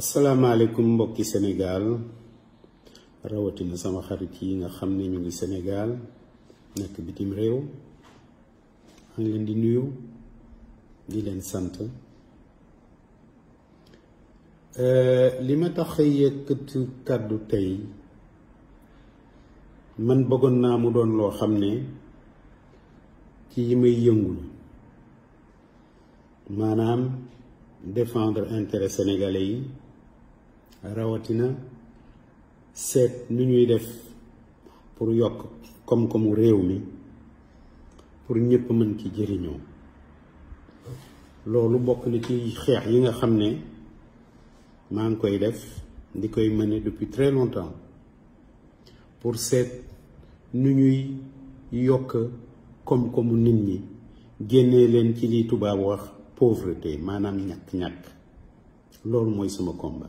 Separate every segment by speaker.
Speaker 1: asalaamaaleykum mbokki Sénégal rawatina sama xarit yi nga xam ne ñu ngi Sénégal nekk bitim réew maa leen di nuyu di leen sant euh, li ma tax yëkkati kàddu tey man bëggoon naa mu doon loo xam ne ci yi may yëngul maanaam défendre intérêt sénégalais yi rawatina set nu def pour yok comme Réumi, pour ñepp mën ci jëriño lolu bokk na ci xex yi nga xamné ma koy def di koy depuis très longtemps pour set nu ñuy comme nous koomu nit ñi génnee leen ci li pauvreté combat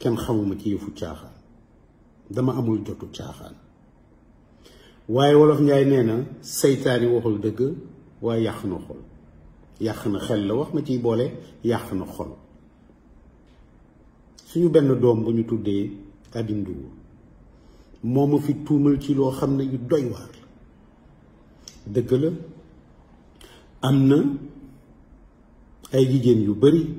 Speaker 1: كان خوما كيفو تشاخان دما امول جوتو تشاخان واي ولوف نياي نينا سيطاني وخل دغ واي ياخنا خول ياخنا خيل لا وخ ما تي بوله ياخنا خول سونو بن دوم بو ني تودي ابيندو موما في تومل تي لو خامنا يو دوي وار دغ لا امنا اي جيجين يو بري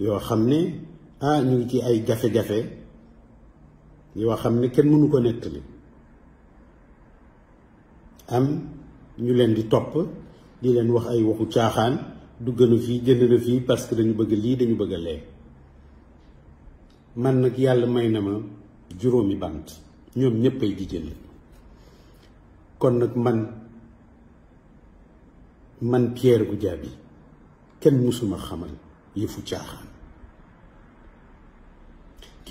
Speaker 1: يو خامني ah ñu ngi ci ay jafe-jafe yoo xam ne kenn mënu ko nettali am ñu leen di topp di leen wax ay waxu caaxaan dugg na fii jënd na fii parce que dañu bëgg lii dañu bëgg a lee man nag yàlla may na ma juróomi bant ñoom ñépp ay jigéen la kon nag man man Pierre Goudiaby kenn mësuma xamal yëfu caaxaan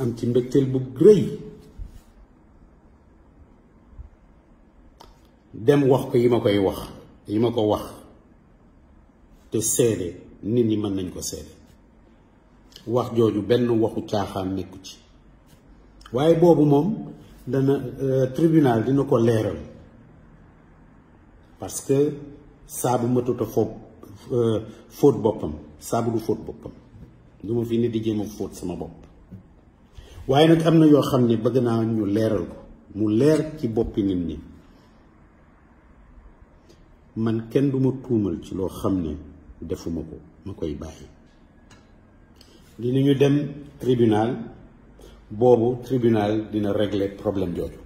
Speaker 1: am ci mbégteel bu rëy dem wax ko yi ma koy wax yi ma ko wax te seede nit ñi mën nañ ko seede wax jooju benn waxu caaxaan nekku ci waaye boobu moom dana euh, tribunal dina ko leeral parce que saabu matut a foob euh, fóot boppam saabu du fóot boppam du ma fi ne di jéem a fóot sama bopp waaye nag am na yoo xam ne bëgg naa ñu leeral ko mu leer ci boppi nit ñi man kenn duma tuumal ci loo xam ne defuma ko ma koy bàyyi ñu dem tribunal boobu tribunal dina régler problème jooju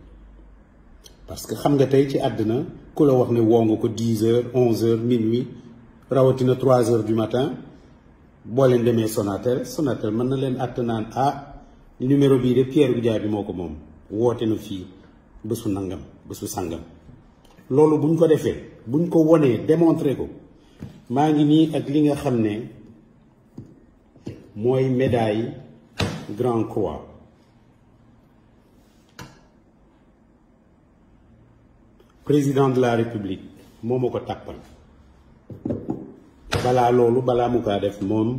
Speaker 1: parce que xam nga tey ci àddina ku la wax ne woo nga ko dix heures onze heures minuit rawatina trois heures du matin boo leen demee Sonatel sonateel mën na leen àtt naan ah numéro bi de Pierre Goudiaby Moko na nangam bëssu sangam loolu buñ ko buñ ko démontrer ko ngi médaille Grand Croix président de la république Momoko suis ko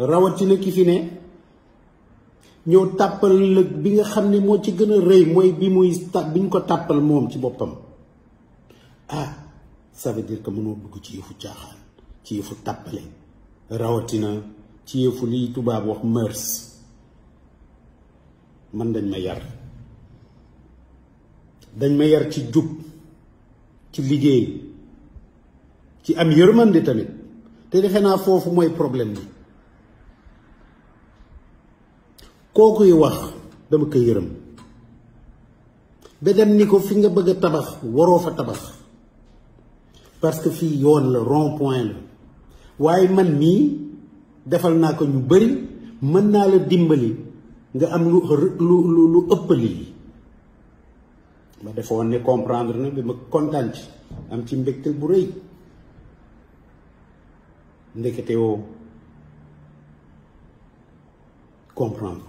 Speaker 1: rawatina ki fi ne ñëw tàppal lëg bi nga xam ne moo ci gën a rëy mooy bi muy ta bi ñu ko tàppal moom ci boppam ah ça veut dire mënoo dugg ci yëfu caaxaan ci yëfu tàppale rawatina ci yëfu liy tubaab wax mœurs man dañ ma yar dañ ma yar ci jub ci liggéey ci am yërmande tamit te defe naa foofu mooy problème bi boo koy wax dama koy yërëm beneen ni ko fi nga bëgg tabax waroo fa tabax parce que fii yoon la rond point la waaye man mii defal naa ko ñu bari mën naa la dimbali nga am lu lu ëpp lii ma defoon ne comprendre na bi ma kontaan ci am ci mbégte bu rëy ndekete woo comprendre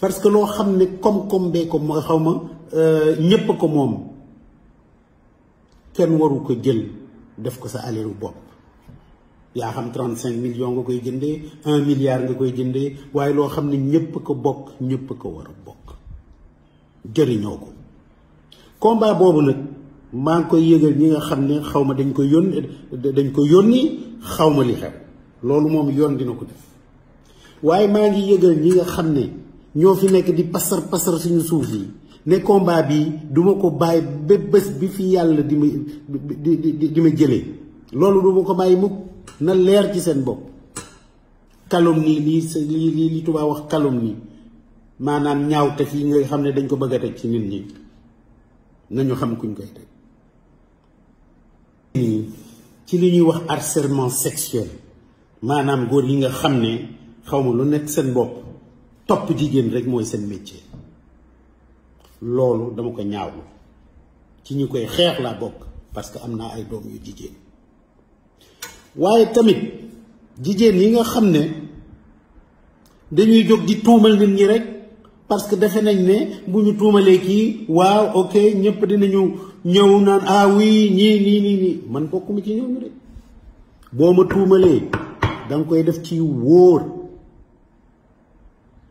Speaker 1: parce que loo xam ne koom-koom bee ko ma xaw ma euh, ñépp ko moom kenn waru ko jël def ko sa aleeru bopp yaa xam trente cinq millions nga koy jëndee un milliard nga koy jëndee waaye loo xam ne ñépp ko bokk ñépp ko war a bokk jëriñoo ko combat boobu nag maa ngi koy yëgal ñi nga xam ne xaw ma dañ ko yónni dañ ko yónni xaw ma li xew loolu moom yoon dina ko def waaye maa ngi yëgal ñi nga xam ne ñoo fi nekk di pasar pasar suñu suuf yi ne combat bi duma ko bàyyi ba bés bi fi yàlla di ma di di di ma jële loolu duma ko bàyyi mukk na leer ci seen bopp calomnie lii lii li tubaab wax calomnie maanaam ñaaw ñaawtef yi nga xam ne dañ ko bëgg a teg ci nit ñi nañu xam kuñ koy teg ci li ñuy wax harcèlement sexuel maanaam góor yi nga xam ne xaw ma lu nekk seen bopp topp jigéen rek mooy seen métier loolu dama ko ñaawlu ci ñi koy xeex laa bokk parce que am naa ay doom yu jigéen waaye tamit jigéen yi nga xam ne dañuy jóg di tuumal nit ñi rek parce que defe nañ ne bu ñu tuumalee kii waaw ok ñëpp dinañu ñëw naan ah oui ñii nii nii nii man bokkuma ci ñëw ñu rek boo ma tuumalee danga koy def ci wóor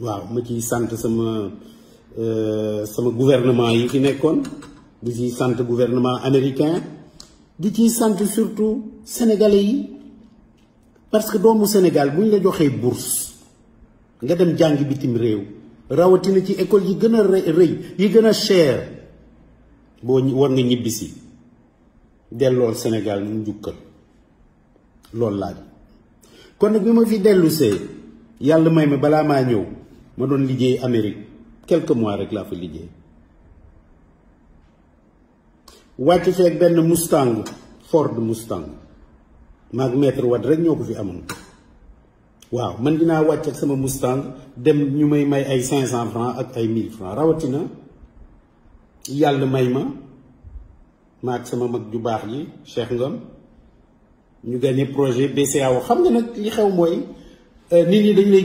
Speaker 1: waaw ma ciy sant sama euh, sama gouvernement yi fi nekkoon di ciy sant gouvernement américain di ciy sant surtout sénégalais yi parce que doomu Sénégal bu ñu la joxee bourse nga dem jàng bitim réew rawatina ci école yi gën a rëy yi gën a cher boo war nga ñibbisi dellool Sénégal mu njukkal loolu laaj kon bi ma fi dellusee yàlla may ma balaa maa ñëw suis allé en Amérique quelques mois avec la fa Je suis Mustang Ford Mustang suis maître Wade rek Moustang, Je suis allé Mustang dem suis francs et 1000 francs rawatina y a le sama suis ju baax Cheikh projet BCAO xam nga que li xew suis euh, nit ñi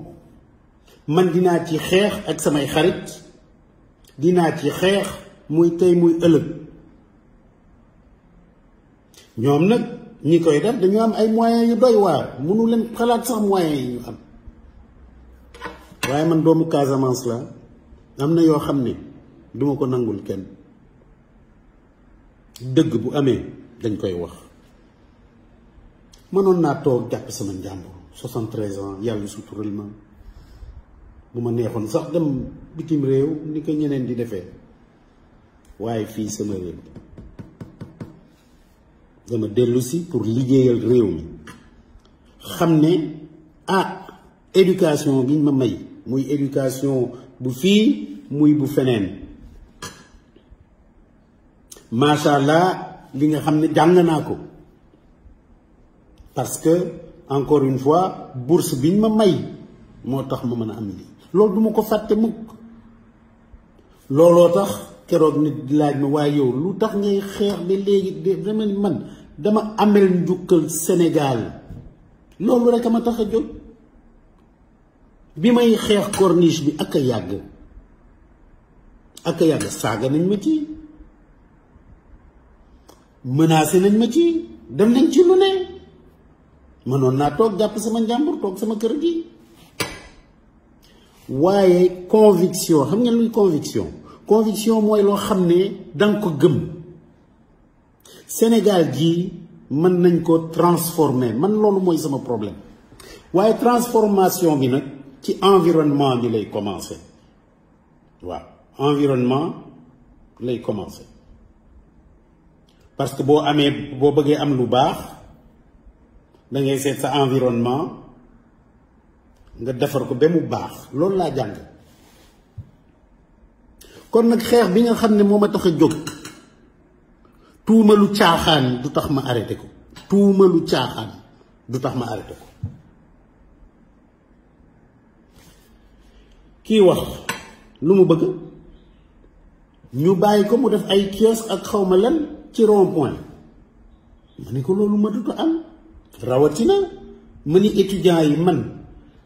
Speaker 1: man dinaa ci xeex ak samay xarit dinaa ci xeex muy tey muy ëllëg ñoom nag ñi koy def dañu am ay moyens yu doy waar mënu leen xalaat sax moyens yi ñu am waaye man doomu Casamance la am na yoo xam ne duma ko nangul kenn dëgg bu amee dañ koy wax mënoon naa toog jàpp sama njàmbur 73 ans yàlla sutural ma bu ma sax dem bitim réew ni ko ñeneen di defee waaye fii sama réew dama dellu si pour liggéeyal réew mi xam ne ah éducation bi ma may muy éducation bu fii muy bu feneen macha allah li nga xam ne jàng naa ko parce que encore une fois bourse biñ ma may moo tax ma mën a am lii loolu duma ko fàtte mukk looloo tax keroog nit di laaj ma waaye yow lu tax ngay xeex ba léegi dama man dama amel njukkal Sénégal loolu rek a ma tax a jóg bi may xeex corniche bi ak a yàgg ak a yàgg saaga nañ ma ci menacé nañ ma ci dem nañ ci lu ne mënoon naa toog jàpp sama njàmbur toog sama kër gi waaye conviction xam conviction conviction mooy loo xam gëm Sénégal gii mën nañ ko transformer man loolu mooy sama problème transformation bi nag ci environnement bi lay commencé. waaw environnement parce que si vous boo bëggee am lu baax ngay environnement nga defar ko bemu bax baax la jang kon nak xex bi nga xamne moma moo jog tax a du tax ma arrêté ko tuuma lu du tax ma arrêté ko ki wax lu mu bëgg ñu bàyyi ko mu def ay kiosque ak xawma lan ci rond point mané ko loolu ma dutu am rawatina mané étudiant yi man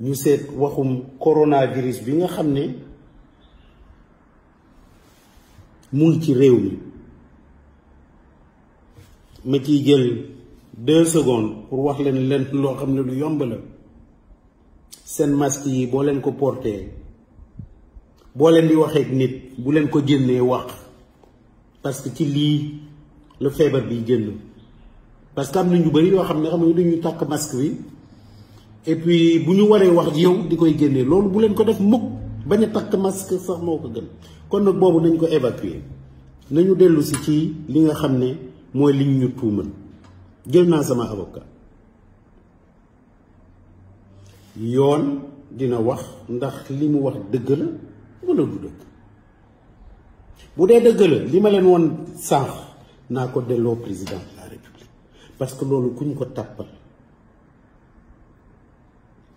Speaker 1: ñu seet waxum coronavirus bi nga xam ne mu ngi ci réew mi ma ciy jël deux secondes pour wax leen lent loo xam ne lu yomb la seen masque yi boo leen ko portee boo leen di waxee ak nit bu leen ko génnee wax parce que ci lii la feebar bi génn parce que am na ñu bari yoo xam ne xam nga dañuy tàkk masque bi et puis bu ñu waree wax yow di koy génnee loolu bu leen ko def mukk bañ a takk masque sax moo ko gën kon nag boobu nañ ko évacuer nañu dellu si ci li nga xam ne mooy liñ ñu tuumal jël naa sama avocat yoon dina wax ndax li mu wax dëgg la wala du dëgg bu dee dëgg la li ma leen woon sànq naa ko delloo président de la république parce que loolu kuñ ko tàppal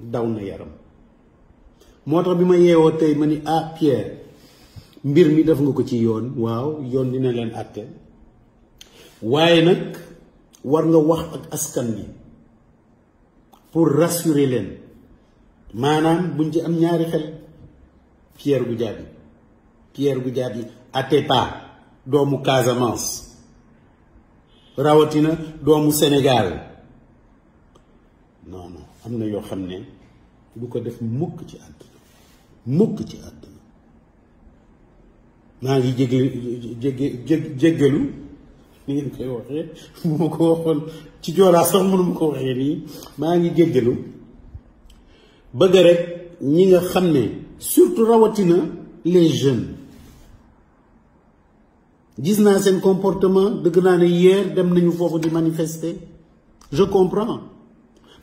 Speaker 1: daw na yaram moo tax bi ma yeewoo tey ma ni ah Pierre mbir mi def nga ko ci yoon waaw yoon dina leen àtte waaye nag war nga wax ak askan bi pour rassurer leen maanaam buñ ci am ñaari xel Pierre Goudiaby Pierre Goudiaby Atépa doomu Casamance rawatina doomu Sénégal non amna yo xamné xam def mukk ci àdduna mukk ci àdduna maa ngi jégle ni ngeen koy waxee moo ko waxoon ci joolaa sax mënu ma ko waxee nii maa ngi jéggalu bëgg rek ñi nga xam ne surtout rawatina les jeunes gis naa seen comportement dëgg naa ne hier dem nañu foofu di manifester je comprends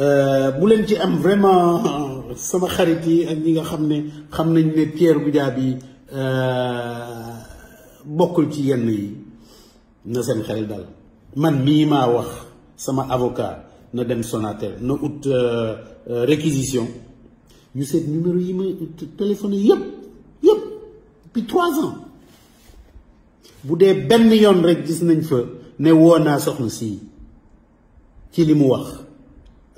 Speaker 1: Euh, bu len ci am vraiment sama xarit yi ak ñi nga xam ne xam nañ ne Pierre Goudiaby bi euh, bokkul ci yenn yi na seen xarit dal man mi ma wax sama avocat na dem Sonatel na ut euh, réquisition ñu seet numéro yi ma téléphoné yépp yépp depuis trois ans bu dee benn yoon rek gis nañ fa ne woo naa soxna si ci li mu wax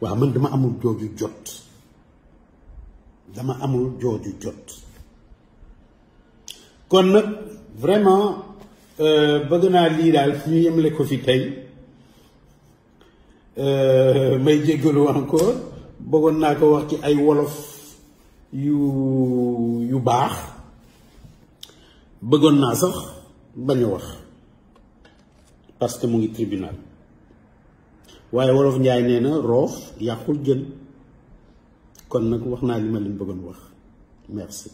Speaker 1: wa man dama amul joju jot dama amul jot kon vraiment euh naa lii daal fi ñu ko fi euh may encore bëggon wax ci ay wolof yu yu bëggon na sax bañu wax parce que suis ngi tribunal waye wolof njaay neena roof yàqul jeul kon nak waxna naa li ma leen bëggoon wax merci